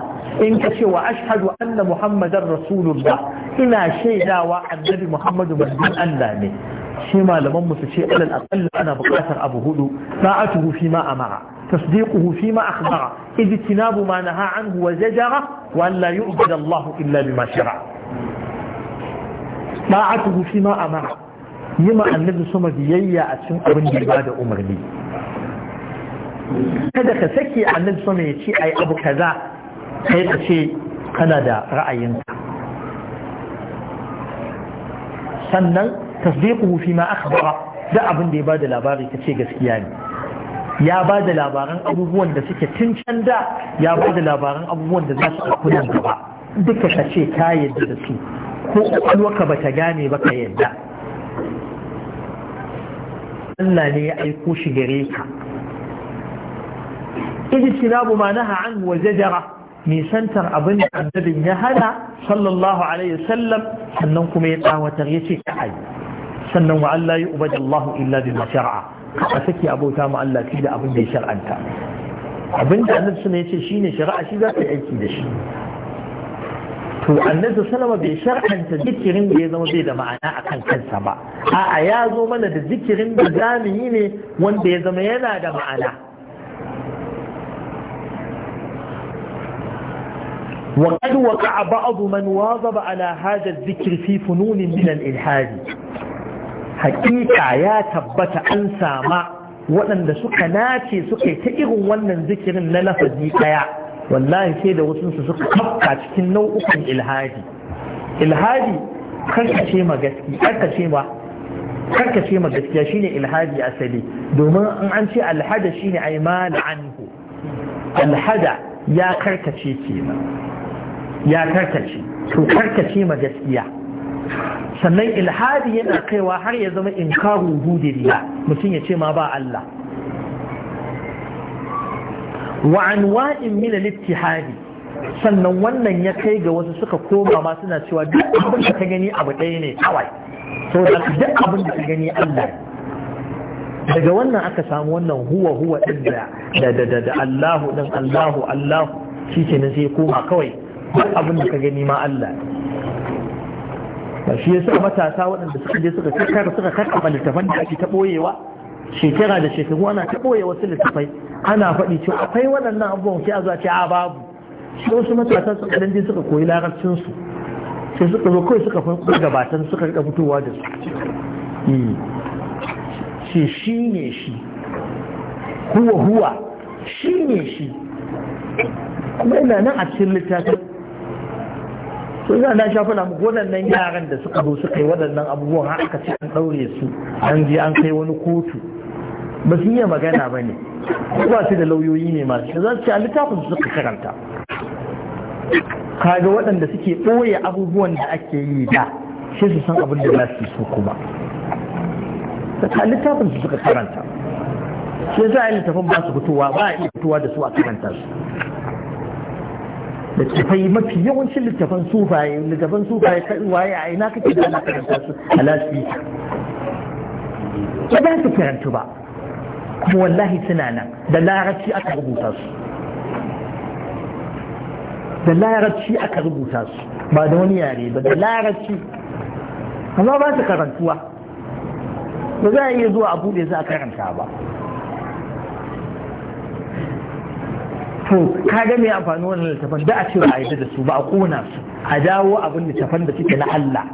in ka ce wa ashhadu anna muhammadan rasulullah ina shaidawa annabi muhammadu manzon Allah ne shi malaman mu su ce alal aqall ana buƙatar abu hudu sa'atuhu fi ma amara tasdiquhu fi ma akhbara ijtinabu ma naha anhu wa zajara wa an la yu'badu allahu illa bima shara da'atuhu fi ma amara yi ma annabi sama biyayya a cikin abin da ba da umarni kada ka saki annabi sama ya ce ai abu kaza kai ka ce kana da ra'ayinka sannan tasdiquhu fi ma akhbara da abin da ya bada labari ka ce gaskiya ne ya bada labaran abubuwan da suke tun can da ya bada labaran abubuwan da za su ɗauki nan gaba duka ka ce ka yadda da su ko ƙwaƙwalwarka ba ta gane ba ka yadda Allah ne ya aiko shi gare ka ijtinabu ma naha an wa zajara nisantar abin da annabin ya hana sallallahu alaihi wasallam sannan kuma ya tsawatar ya ce ka ai sannan wa Allah ya ubada Allah illa bil shar'a ka saki abota mu Allah shi da abin da ya shar'anta abin da annabi ya ce shine shari'a shi za ka aiki da shi to annabi sallama bai shar'anta zikirin da ya zama bai da ma'ana akan kansa ba a'a ya zo mana da zikirin da zamu yi ne wanda ya zama yana da ma'ana وقد وقع بعض من واظب على هذا الذكر في فنون من الإلحاد حقيقة يا تبت أنسى ما waɗanda suka nace suka ta irin wannan zikirin na lafazi ɗaya wallahi sai da wasu su suka kafka cikin nau'ukan ilhadi ilhadi karkace ma gaskiya karkace ma karkace ma gaskiya shine ilhadi asali domin in an ce alhada shine ay mal anhu alhada ya karkace kenan ya karkace to karkace ma gaskiya sannan ilhadi yana kaiwa har ya zama inkaru hudu mutum ya ce ma ba Allah wa anwa'in min al-ittihad sannan wannan ya kai ga wasu suka koma ma suna cewa duk abin da ka gani abu ɗaya ne kawai saboda duk abin da ka gani Allah daga wannan aka samu wannan huwa huwa din da da da da Allahu dan Allahu Allahu shi shikenan sai koma kawai duk abin da ka gani ma Allah ba shi yasa matasa waɗanda suka je suka kakkar suka kakkaba littafan da ake ta boyewa shekara da shekaru ana ta ɓoye wasu littafai ana faɗi cewa akwai waɗannan abubuwan sai a zuwa ce a babu sai wasu matasa su ɗan jin suka koyi larabcinsu sai suka zo kawai suka fi gabatan suka riƙa fitowa da su hmm. shi shi ne shi huwa huwa shi ne shi kuma ina nan a cikin littafin sun za na shafi na waɗannan yaran da suka zo suka yi waɗannan abubuwan har aka ce an ɗaure su an je an kai wani kotu ba su iya magana ba ne ba su da lauyoyi ne masu za su ce a littafin su suka karanta kaga waɗanda suke ɓoye abubuwan da ake yi da sai su san abin da za su so kuma a littafin su suka karanta sai za a yi littafin ba su fitowa ba a iya fitowa da su a karanta su Da littafai mafi yawancin littafan sufaye littafan sufaye kai ya aina kake da ana karanta su a lafiya ba za su karanta ba kuma wallahi suna nan da larabci aka rubuta su da larabci aka rubuta su ba da wani yare ba da larabci amma ba su karantuwa ba za a iya zuwa a buɗe su a karanta ba to ka ga mai amfani wannan littafan da a ce ba a yi da su ba a kona su a dawo abin littafan da suke na Allah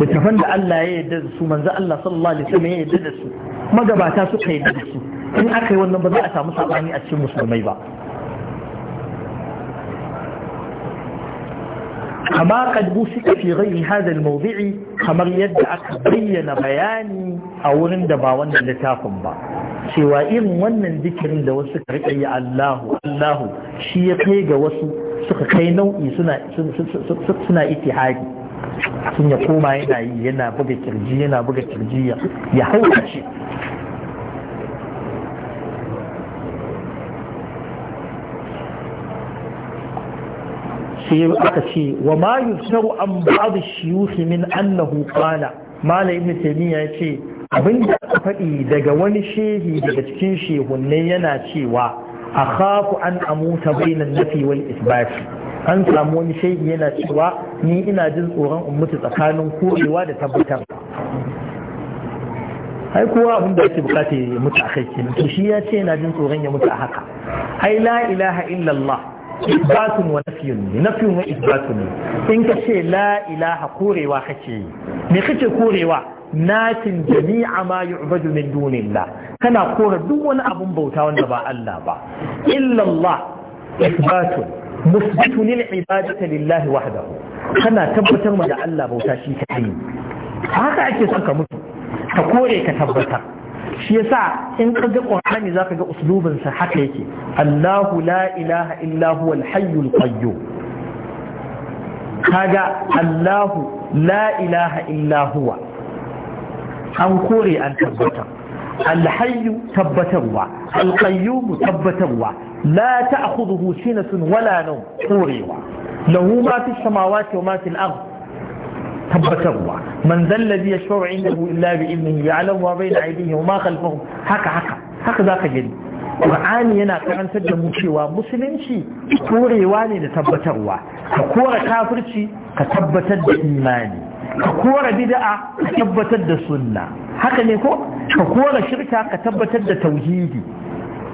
littafan da Allah ya yadda da su Allah sallallahu alaihi wasallam ya yadda da su magabata suka yadda da su in aka yi wannan ba za a samu sabani a cikin musulmai ba kama qad busika fi ghayri hadha al-mawdi'i kamar yadda aka bayyana bayani a wurin da ba wannan littafin ba cewa irin wannan zikirin da wasu ka rike yi Allahu shi ya kai ga wasu suka kai nau'i suna suna ittihadi sun ya koma yana yi yana buga kirji yana buga kirji ya haukace sai aka ce wa ma yusau an ba'd shiyukh min annahu qala malai ibn taymiya yace abinda aka faɗi daga wani shehi daga cikin shehunne yana cewa akhafu an amuta bainan nafi wal isbat an samu wani shaidi yana cewa ni ina jin tsoron in mutu tsakanin korewa da tabbatar ai kowa abin da ake bukata ya mutu a kai kenan to shi ya ce yana jin tsoron ya mutu a haka ai la ilaha illallah isbatun wa nafiyun ne nafiyun wa isbatun ne in ka ce la ilaha korewa kake yi me kake korewa nafin jami'a ma yu'badu min dunillah kana kora duk wani abun bauta wanda ba Allah ba illallah isbatun musbitu lil ibadati lillahi wahdahu kana tabbatar ma da Allah bauta shi kadai haka ake son ka mutu ka kore ka tabbata shi yasa in ka ga qur'ani zaka ga uslubin sa haka yake Allahu la ilaha illa huwa al-hayyul qayyum kaga Allahu la ilaha illa huwa an kore an tabbata al-hayyu tabbatarwa al-qayyum tabbatarwa لا تأخذه سنة ولا نوم قوري له ما في السماوات وما في الأرض ثبت الله من ذا الذي يشفع عنده إلا بإذنه يعلم ما بين أيديه وما خلفه حكا حكا حكا ذاك جدي القرآن هنا كان سجد مشيوا مسلم شي قوري واني لثبت الله كقور كافر شي كثبت الإيمان كقور بدعة كثبت السنة هكذا يقول كقور شركة كثبت التوجيهي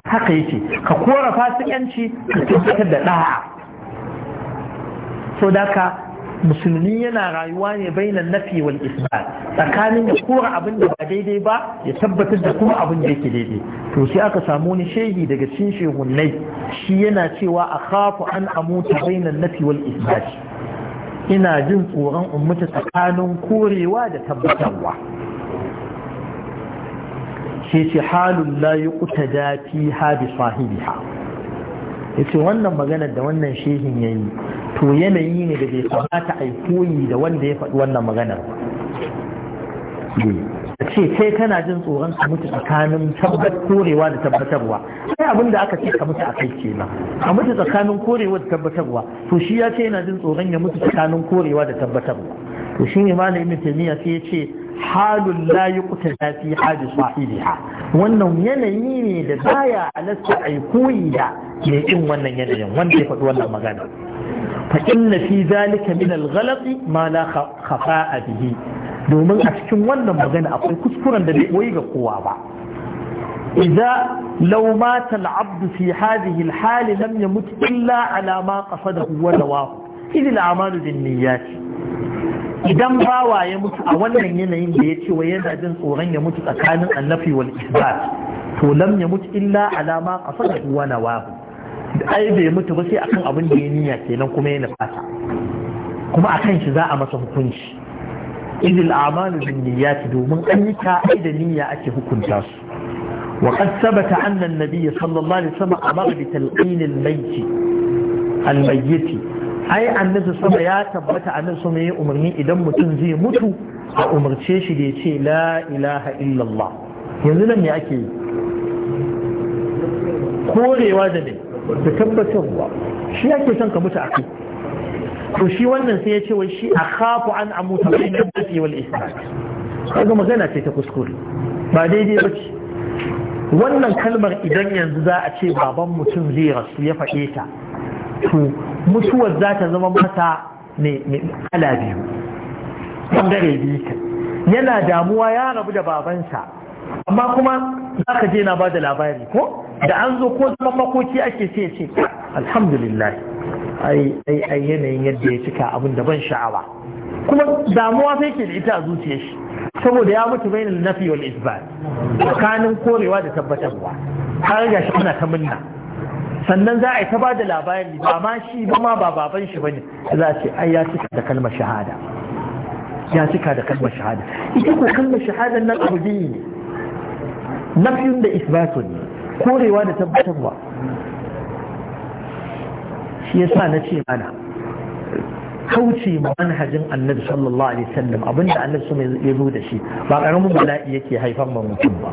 haka yake ka kora fasikanci ka tabbatar da da'a so daka musulmi yana rayuwa ne bainan nafi wal isbat tsakanin ya kora abin da ba daidai ba ya tabbatar da kuma abin da yake daidai to sai aka samu ni shehi daga cikin shehunnai shi yana cewa a akhafu an amuta bainan nafi wal isbat ina jin tsoron ummata tsakanin korewa da tabbatarwa sai ce halun la yuqtada dafi bi sahibiha ce wannan magana da wannan shehin yi. to yanayi ne da bai kamata ai koyi da wanda ya faɗi wannan maganar ba ce kai kana jin tsoron ka mutu tsakanin tabbat korewa da tabbatarwa sai abin da aka ce ka mutu a kai ke ba a mutu tsakanin korewa da tabbatarwa to shi ya ce yana jin tsoron ya mutu tsakanin korewa da tabbatarwa to shi ne malamin taimiyya sai ya ce halun la ta fi hali sahibiha wannan yanayi ne da baya alasta ai koyi da mai in wannan yanayin wanda ya faɗi wannan magana fa inna fi zalika min al-ghalat ma la khafa'a bihi domin a cikin wannan magana akwai kuskuren da bai koyi ga kowa ba إذا لو مات العبد في هذه الحال illa يمت إلا على ما قصده ونواه إذ الأعمال بالنيات idan bawa ya mutu a wannan yanayin da ya ce wa yana jin tsoron ya mutu tsakanin annafi wal isbat to lam ya mutu illa alama a fada wa nawahu ai bai mutu ba sai akan abin da ya niyya kenan kuma ya nufata kuma akan shi za a masa hukunci idil amalu bin niyyati domin anyi ta ai da niyya ake hukunta su wa qad sabata anna an-nabiy sallallahu alaihi wasallam amara bi talqin al-mayyit al-mayyit ai annabi sama ya tabbata annabi sama ya umarni idan mutum zai mutu a umarce shi da ya ce la ilaha illallah yanzu nan me ake yi korewa da ne da tabbatarwa shi ake son ka mutu a kai to shi wannan sai ya ce wai shi a kafu an amuta bai na dafi wal islam kaga magana ce ta kuskure ba daidai ba ce wannan kalmar idan yanzu za a ce baban mutum zai rasu ya faɗe ta to mutuwar za ta zama masa ne ala biyu ɓangare biyu yana damuwa ya rabu da babansa amma kuma za ka je na ba da labari ko da an zo ko zaman makoki ake ce ce alhamdulillah ai ai yanayin yadda ya cika abin da ban sha'awa kuma damuwa sai ke da ita a zuciyar shi saboda ya mutu bainal nafi wal isbat tsakanin korewa da tabbatarwa har ga shi ana ta minna sannan za a yi ta ba da labarin, ba ma shi ba ma ba baban shi ba ne. za a ce ai ya cika da kalmar shahada ya cika da kalmar shahada ita ko kalmar shahada nan abu biyu ne nafiyun da isbatun ne korewa da tabbatarwa shi ya sa na ce mana kauce ma manhajin annabi sallallahu alaihi wasallam abinda annabi ya zo da shi ba karamin bala'i yake haifar ma mutum ba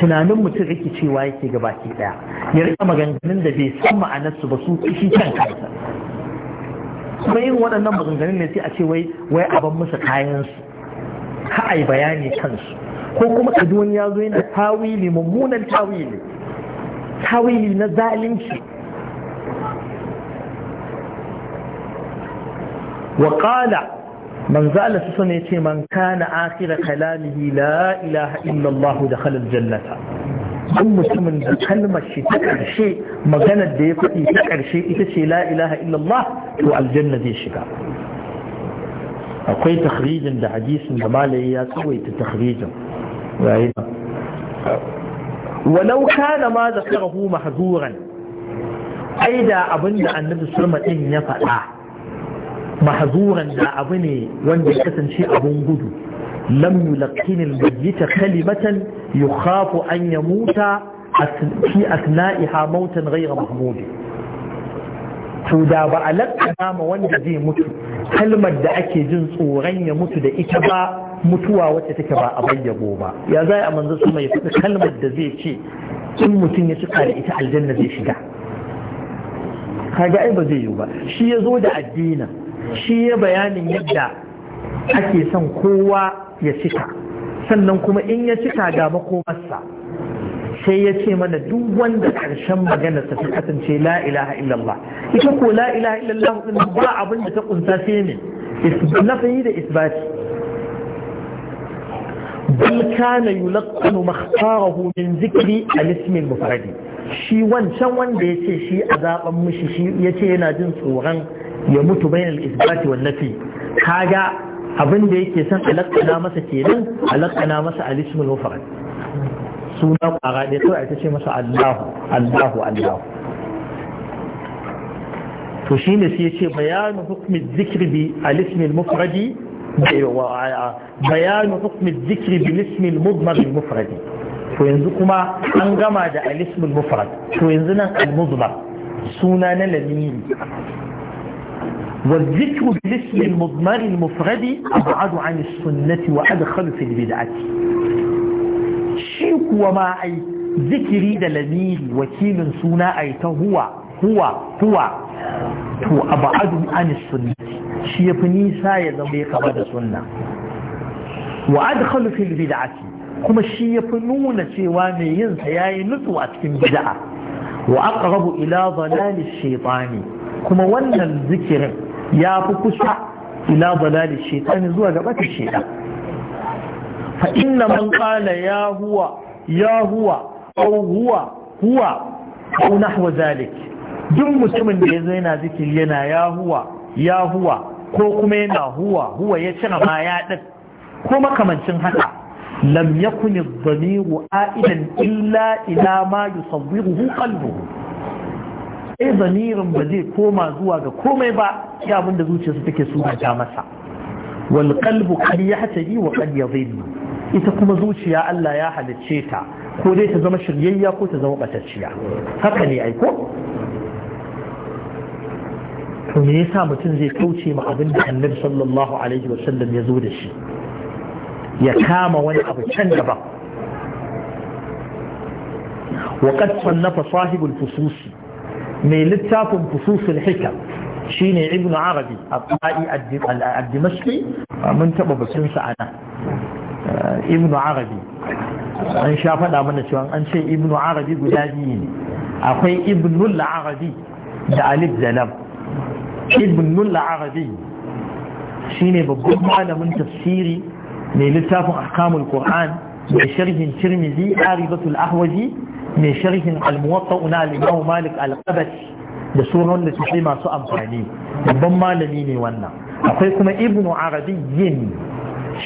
tunanin mutum yake cewa yake gabaki daya ya rika maganganun da bai san ma'anarsu ba su shi kan kansa kuma yin waɗannan maganganun ne sai a ce wai wai aban musu kayansu ka ai bayani kansu ko kuma ka ya zo yana tawili mummunan tawili tawili na zalunci wa qala من زال سسن يتي من كان آخر كلامه لا إله إلا الله دخل الجنة kun mutumin da kalmar shi ta ƙarshe maganar da ya faɗi ta ƙarshe ita ce la ilaha illallah to aljanna zai shiga akwai takhrijin da hadisin da malaye ya tsawaita takhrijin yayin walau kana ma zakarahu mahzuran ai da abinda annabi sulma din ya faɗa mahzuran da abu ne wanda ya kasance abun gudu lam yulqin al-mayyit kalimatan yukhafu an yamuta fi asna'iha mautan ghayra mahmudi to da ba a lakana ma wanda zai mutu kalmar da ake jin tsoron ya mutu da ita ba mutuwa wacce take ba a bayyabo ba ya zai a manzo su mai faɗi kalmar da zai ce in mutum ya cika da ita aljanna zai shiga kaga ai ba zai yi ba shi ya zo da addinin shi ya bayanin yadda ake son kowa ya cika sannan kuma in ya cika ga makomarsa sai ya ce mana duk wanda ƙarshen maganarsa ta kasance la ilaha illallah ita ko la ilaha illallah ba abin da ta kunsa sai ne nafayi da isbati bal kana yulaqqanu makhtarahu min zikri al-ism al-mufrad shi wancan wanda yace shi a zaben mishi shi yace yana jin tsoron ya mutu bayan al-isbati wan nafi kaga abin da yake son alaƙana masa kenan alaƙana masa al mufrad suna kwara ɗaya kawai ta ce masa Allahu Allahu Allahu to shi ne sai ya ce bayanu hukmin zikri bi al-ismil mufradi bayanu hukmin zikri bi al-ismil mudmar mufradi to yanzu kuma an gama da al mufrad to yanzu nan al-mudmar suna na lamiri والذكر بالاسم المضمر المفرد أبعد عن السنة وأدخل في البدعة شيك وما أي ذكري دلميل وكيل سنا أي هو هو هو هو أبعد عن السنة شيفني سايد بيك بعد السنة وأدخل في البدعة kuma shi ya fi nuna cewa mai yinsa ya yi nutsu a cikin bid'a wa aqrabu ila dalali shaytani kuma wannan zikirin ya fi kusa ila dalali shaitan zuwa ga bakin shaitan fa inna man qala ya huwa ya huwa au huwa huwa aw nahwa zalik duk mutumin da yazo yana zikiri yana ya huwa ya huwa ko kuma yana huwa huwa ya cina ma ya din ko makamancin haka lam yakuni dhamiru a'idan illa ila ma yusawwiruhu qalbuhu ai zamirin ba zai koma zuwa ga komai ba ya abin da zuciyarsa take surata masa wal qalbu qad yahtadi wa qad ita kuma zuciya Allah ya halicce ta ko dai ta zama shiryayya ko ta zama batacciya haka ne ai ko to me yasa mutum zai kauce ma abin da Annabi sallallahu alaihi wasallam ya zo da shi ya kama wani abu can daban وقد صنف صاحب الفصوص mai littafin fususul hikam shine ibn arabi a dimashki ah, mun taba batunsa a nan ah, ibn arabi mana cewa an ibn arabi guda biyu ne akwai ibn arabi da alif zalam shine babban malamin tafsiri mai littafin ahkamul qur'an mai sharhin tirmidhi aribatul ahwaji mai sharhin al-muwatta na al malik al da sunan da suke masu amfani babban malami ne wannan akwai kuma ibnu arabiyyin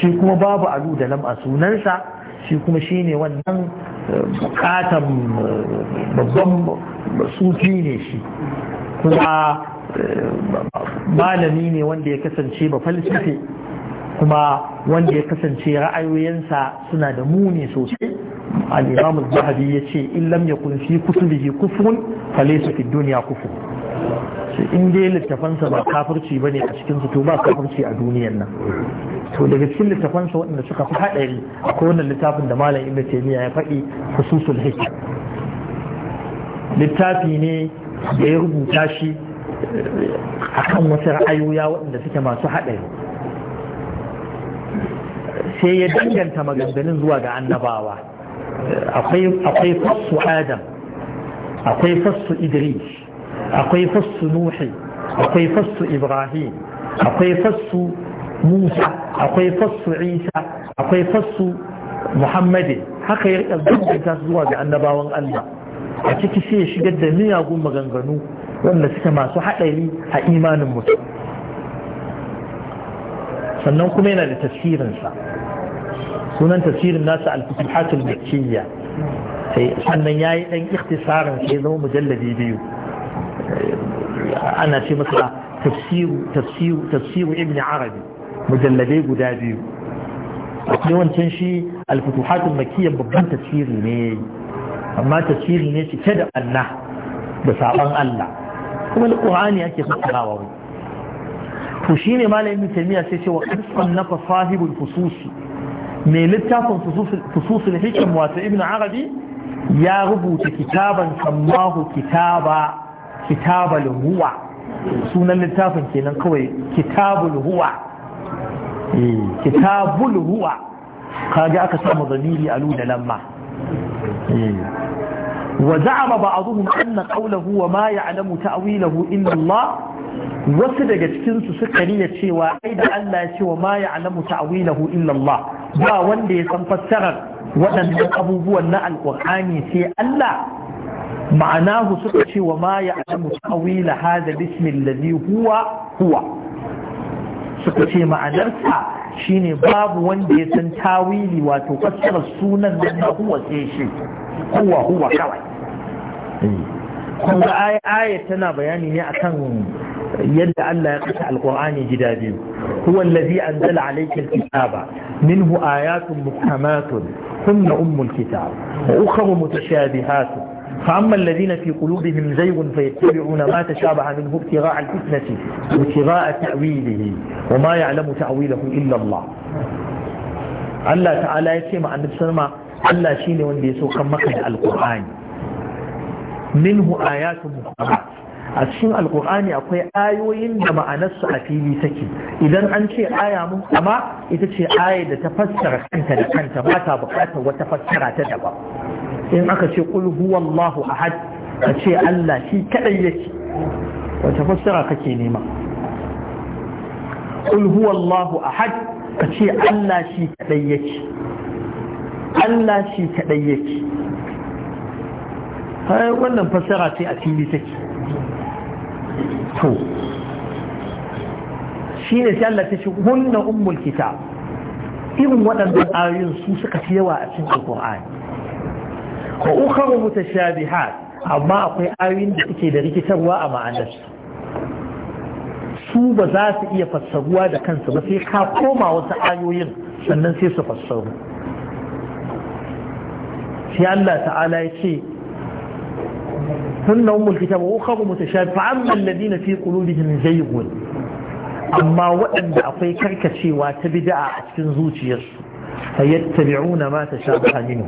shi kuma babu alu da lam a sunansa shi kuma ne wannan katan babban sufi ne shi kuma eh, malami ne wanda ya kasance ba falsafe kuma wanda ya kasance ra'ayoyinsa suna da muni sosai al'imamu zahabi ya ce in lam yakun fi kufun, kufrun su fi kufu su in dai littafansa ba kafirci ne a cikin su to ba kafirci a duniyar nan to daga cikin littafansa waɗanda suka fi haɗari akwai wannan littafin da malam ibnu taymiya ya faɗi hususul hikam littafi ne da ya rubuta shi eh, akan wasu ra'ayoya waɗanda suke masu haɗari sai ya danganta maganganun zuwa ga annabawa akwai fassu adam akwai fassu idris akwai fassu nuhi akwai fassu ibrahim akwai fassu musa akwai fassu isa akwai fassu muhammadin haka ya danganta zuwa ga annabawan allah a ciki sai ya shigar da miyagun maganganu wanda suka masu haɗari a imanin mutum sannan kuma yana da tafsirinsa sunan tafsirin nasa al-futuhatul sai sannan yayi dan ikhtisarin sai zama mujalladi biyu ana ce masa tafsiru tafsiru tafsiru ibn arabi mujalladai guda biyu akwai wancan shi al-futuhatul babban tafsiri ne amma tafsiri ne cike da Allah da sabon Allah kuma al-qur'ani ake fassarawa to shine malamin tamiya sai ce wa qasfan nafa sahibul fususi mai littafin fususul hikam wato ibn arabi ya rubuta kitaban sammahu kitaba kitabal huwa sunan littafin kenan kawai kitabul huwa eh, kitabul huwa kaga aka samu zamiri alu da lamma eh. وزعم بعضهم أن قوله وما يعلم تأويله إلا الله wasu daga cikinsu suka riya cewa ai da Allah ya ce wa ma ya'lamu ta'wilahu illa Allah ba wanda ya san fassarar waɗannan abubuwan na alqur'ani sai Allah ma'anahu suka ce wa ma ya'lamu ta'wila hadha bismi huwa huwa suka ce ma'anarsa shine babu wanda ya san tawili wato fassarar sunan nan na huwa kawai Eh. kuma aya tana bayani ne akan yadda Allah ya kashe alkur'ani gida biyu huwa allazi anzala alayka alkitaba minhu ayatun muhkamatun hunna ummul kitab wa ukhra mutashabihatun فأما الذين في قلوبهم زيغ فيتبعون ما تشابه منه ابتغاء الفتنة وابتغاء تأويله وما يعلم تأويله إلا الله الله تعالى يتيم عن الله شيني وندي سوكا القرآن minhu ayatu muhkamat a cikin alkur'ani akwai ayoyin da ma'anarsu a fili take idan an ce aya mun kama ita ce aya da ta fassara kanta da kanta ba ta bukatar wata fassara ta daba. in aka ce qul huwallahu ahad a ce Allah shi kadai yake wata fassara kake nema qul huwallahu ahad a ce Allah shi kadai yake Allah shi kadai yake har wannan fasara ce a fili take to shi ne sai Allah ta ce hunna ummul kitab irin waɗannan ayoyin su suka fi yawa a cikin alkur'ani wa ukharu mutashabihat amma akwai ayoyin da suke da rikitarwa a ma'anarsu su ba za su iya fassaruwa da kansu ba sai ka koma wasu ayoyin sannan sai su fassaru sai Allah ta'ala ya ce sun da umul kitaba uka ba mutu shafi amma alladhi na fi qulubihim zaygun amma waɗanda akwai karkacewa ta bid'a a cikin zuciyarsu fa yattabi'una ma tashabaha minhu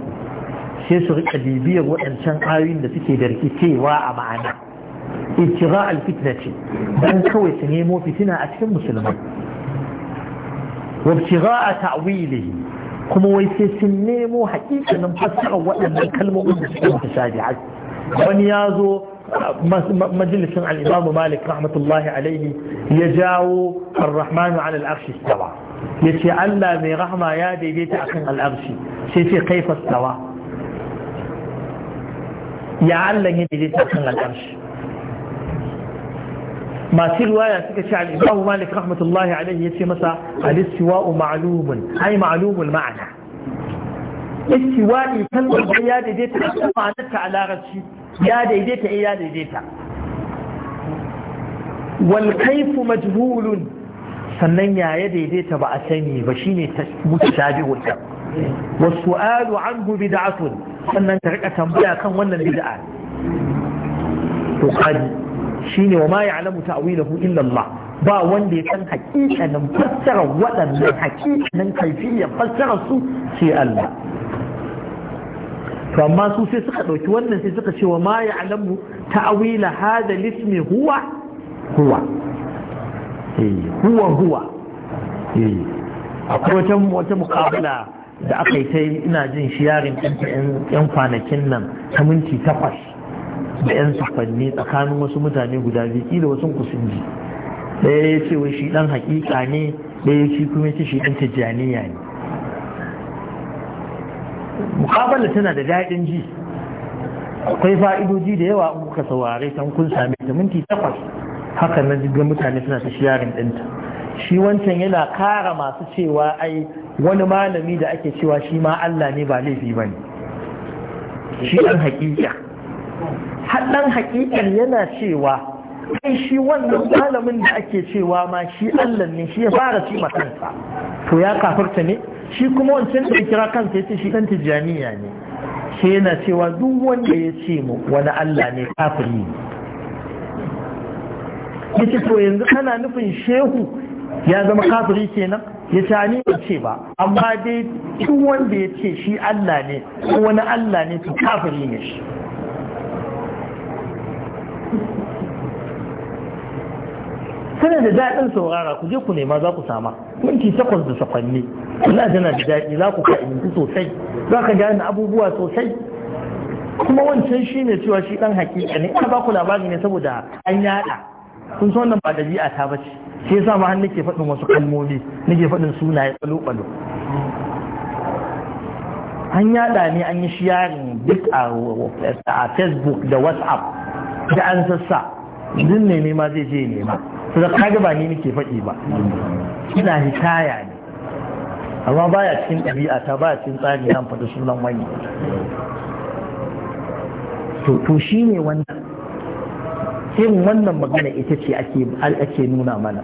sai su riƙa bibiyar waɗancan ayoyin da suke da rikicewa a ma'ana ittiqa al fitnati dan kawai su nemo fitina a cikin musulmai wa ittiqa ta'wilihi kuma wai sai sun nemo haƙiƙanin fassara waɗannan kalmomin da suke mutashabihat بنياز مجلس عن الإمام مالك رحمة الله عليه يجاو الرحمن على الأرش استوى يتعلى من رحمة يادي بيت أخن شي في كيف استوى يعلى من بيت أخن الأرش ما سلوى يتعلى الإمام مالك رحمة الله عليه يتعلى مساء الاستواء معلوم أي معلوم المعنى استواء يتعلى يادي بيت أخن على الأرش ya daidaita eh, ya daidaita wal kaifu majhulun sannan ya ya daidaita ba a sani ba shine mutashabihun da wasu alu anhu bid'atun sannan ta rika tambaya kan wannan bid'a to kaji shine wa ma ya'lamu ta'wilahu illa Allah ba wanda ya san hakikanin fassarar waɗannan hakikanin kaifiyar fassarar su sai Allah to amma su sai suka ɗauki wannan sai suka ce wa ma ya alamu awila hada lismi huwa huwa eh, huwa huwa eh, akwai wata wata mukabala da aka yi ta ina jin shiyarin yan kwanakin nan ta minti takwas da yan safanni tsakanin wasu mutane guda biyu kila wasu kusinji. ji ɗaya ya ce wai shi ɗan hakika ne ɗaya shi kuma ce shi ɗan tijjaniya ne mukabala tana da daɗin ji akwai fa'idoji da yawa in kuka saurare ta kun same ta minti takwas haka na ga mutane suna ta shiyarin ɗinta shi wancan yana kara masu cewa ai wani malami da ake cewa shi ma Allah ne ba laifi ba ne shi ɗan haƙiƙa haɗan haƙiƙar yana cewa kai shi wannan malamin da ake cewa ma shi Allah ne shi ya fara ci kansa to ya kafarta ne shi kuma wancan da ya kira kansa ya ce shi ɗan jami'a ne shi yana cewa duk wanda ya ce mu wani Allah ne kafiri ya ce to yanzu kana nufin shehu ya zama kafiri kenan ya ce ni ba ce ba amma dai duk wanda ya ce shi Allah ne ko wani Allah ne to kafiri ne shi tana da daɗin saurara ku je ku nema za ku sama minti takwas da sakwanni Allah tana da daɗi za ku fahimci sosai za ka gane abubuwa sosai kuma wancan shi ne cewa shi ɗan hakika ne ina ba ku labari ne saboda an yaɗa kun san wannan ba ɗabi'a ta bace shi yasa ma har nake faɗin wasu kalmomi nake faɗin sunaye ɓalo-ɓalo an yada ne an yi sharing duk a facebook da whatsapp da an sassa din ne nema zai je nema kuma kaga ba ni nake faɗi ba ina hikaya ne amma baya cikin ɗabi'a ta baya cikin tsari na faɗi sunan wani to shi ne wannan irin wannan magana ita ce ake nuna mana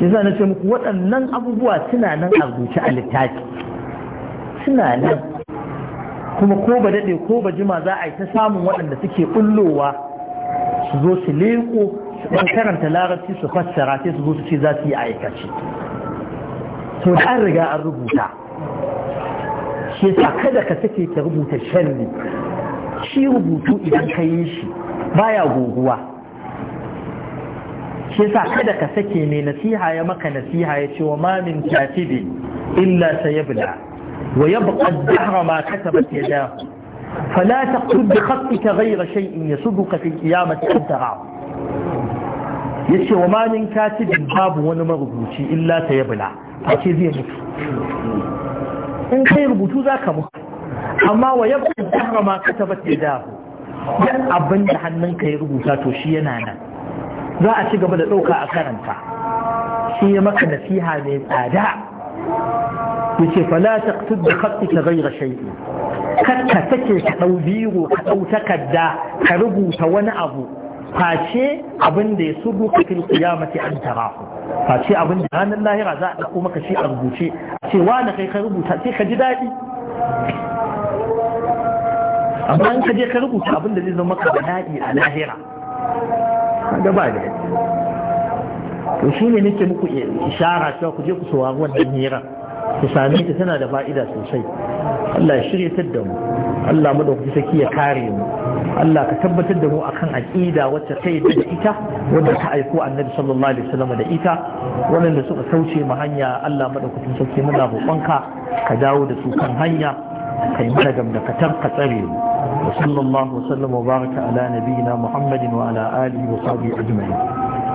yasa na ce muku waɗannan abubuwa suna nan a rubuce a littafi suna nan kuma ko ba daɗe ko ba jima za a yi ta samun waɗanda suke ɓullowa su zo su leƙo ban karanta larabci su fassara sai su zo su ce za su yi aikace to da an riga an rubuta shi yasa kada ka sake ka rubuta sharri shi rubutu idan ka yi shi baya goguwa shi yasa kada ka sake mai nasiha ya maka nasiha ya ce wa ma min katibi illa sayabla wa yabqa ad-dahra ma katabat yadahu فلا تقتل بخطك غير شيء يصدك في القيامة أن تراه ya ce wa mamin katibin babu wani marubuci illa ta bula? a ce zai mutu in kai rubutu za ka mutu amma wa yabla ka taba katabat yadahu duk abin da ka ya rubuta to shi yana nan za a ci gaba da ɗauka a karanta shi ya maka nasiha mai tsada ya ce fala taqtud bi khattika ghayra shay'in kakka take ka ɗau biro ka ɗau takarda ka rubuta wani abu face abin da ya subu kafin kiyamati an ku. face abin da ranar lahira za a ɗauko maka shi a rubuce wa na kai ka rubuta sai ka ji daɗi amma in ka je ka rubuta abin da zai zama maka daɗi a lahira da ba da to shi ne nake muku ishara cewa ku je ku saurari wannan hirar ku same ta tana da fa'ida sosai Allah ya shirya da mu Allah mu dauki saki ya kare mu Allah ka tabbatar da mu akan aqida wacce ta yadda da ita wanda ka aiko annabi sallallahu alaihi wasallam da ita wanda suka kauce mu hanya Allah madaukakin sarki muna roƙonka ka dawo da su kan hanya kai mana gamdakatar ka tsare mu wa الله ala وبارك muhammadin wa ala وعلى wa وصحبه أجمعين